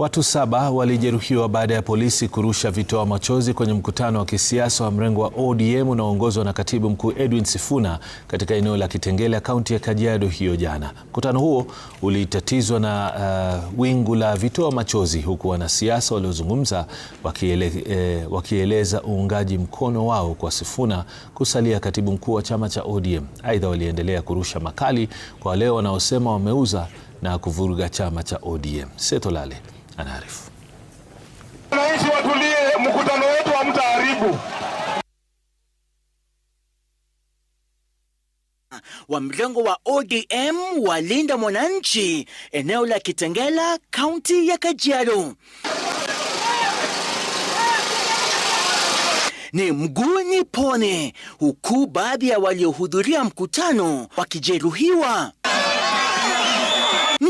Watu saba walijeruhiwa baada ya polisi kurusha vitoa machozi kwenye mkutano wa kisiasa wa mrengo wa ODM unaoongozwa na katibu mkuu Edwin Sifuna katika eneo la Kitengela, kaunti ya Kajiado hiyo jana. Mkutano huo ulitatizwa na uh, wingu la vitoa machozi huku wanasiasa waliozungumza wakiele, eh, wakieleza uungaji mkono wao kwa Sifuna kusalia katibu mkuu wa chama cha ODM. Aidha, waliendelea kurusha makali kwa wale wanaosema wameuza na kuvuruga chama cha ODM. Setolale anaarifu. Wananchi watulie, mkutano wetu hamtaharibu. wa mrengo wa ODM walinda mwananchi eneo la Kitengela, kaunti ya Kajiado. Ni mguni pone, huku baadhi ya waliohudhuria mkutano wakijeruhiwa.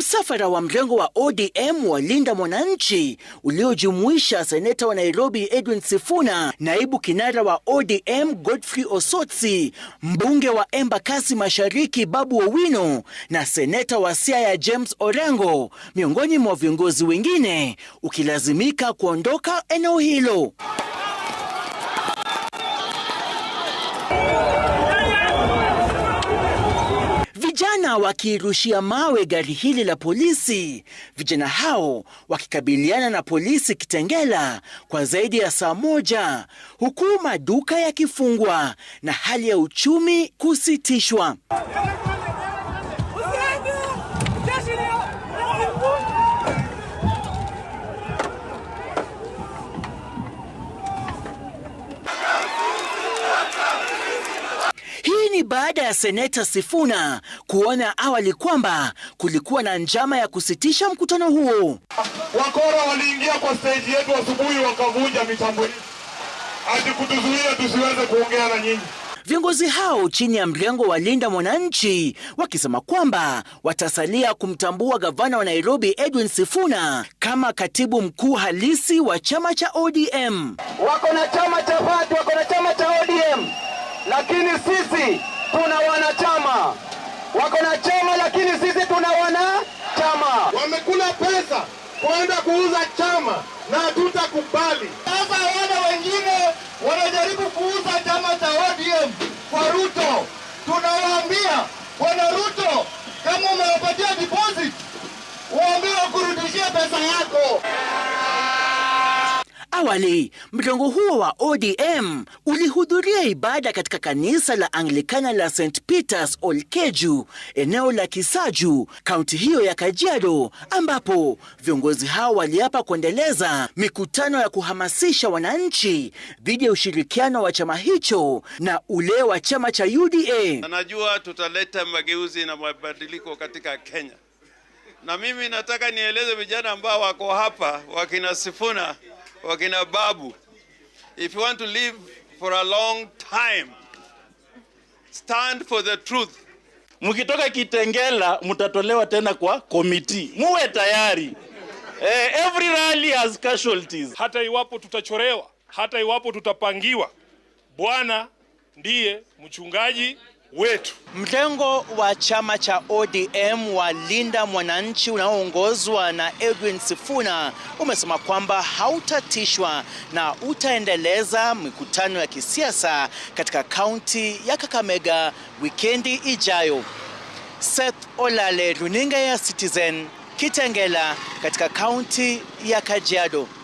Msafara wa mrengo wa ODM wa Linda Mwananchi uliojumuisha seneta wa Nairobi Edwin Sifuna, naibu kinara wa ODM Godfrey Osotsi, mbunge wa Embakasi Mashariki Babu Owino na seneta wa Siaya James Orengo, miongoni mwa viongozi wengine, ukilazimika kuondoka eneo hilo. vijana wakiirushia mawe gari hili la polisi, vijana hao wakikabiliana na polisi Kitengela kwa zaidi ya saa moja, huku maduka yakifungwa na hali ya uchumi kusitishwa. baada ya seneta Sifuna kuona awali kwamba kulikuwa na njama ya kusitisha mkutano huo. Wakora waliingia kwa steji yetu asubuhi wa wakavunja mitambo hadi kutuzuia tusiweze kuongea na nyinyi. Viongozi hao chini ya mlengo wa Linda Mwananchi wakisema kwamba watasalia kumtambua gavana wa Nairobi Edwin Sifuna kama katibu mkuu halisi wa chama cha ODM. Wako na chama cha Fatu, wako na chama cha ODM, lakini sisi tuna wanachama, wako na chama, lakini sisi tuna wanachama. Wamekula pesa kwenda kuuza chama na hatutakubali. Sasa wana wengine wanajaribu kuuza chama cha ODM kwa Ruto. Tunawaambia bwana Ruto, kama umewapatia deposit, waambie wakurudishie pesa yako awali mrengo huo wa ODM ulihudhuria ibada katika kanisa la Anglikana la St Peters Olkeju, eneo la Kisaju, kaunti hiyo ya Kajiado, ambapo viongozi hao waliapa kuendeleza mikutano ya kuhamasisha wananchi dhidi ya ushirikiano wa chama hicho na ule wa chama cha UDA. Anajua tutaleta mageuzi na mabadiliko katika Kenya, na mimi nataka nieleze vijana ambao wako hapa wakinasifuna wakina babu. If you want to live for a long time, stand for the truth. Mkitoka Kitengela mtatolewa tena kwa komiti, muwe tayari. Eh, every rally has casualties. Hata iwapo tutachorewa, hata iwapo tutapangiwa, Bwana ndiye mchungaji wetu. mrengo wa chama cha ODM wa Linda Mwananchi unaoongozwa na Edwin Sifuna umesema kwamba hautatishwa na utaendeleza mikutano ya kisiasa katika kaunti ya Kakamega wikendi ijayo. Seth Olale, runinga ya Citizen, Kitengela katika kaunti ya Kajiado.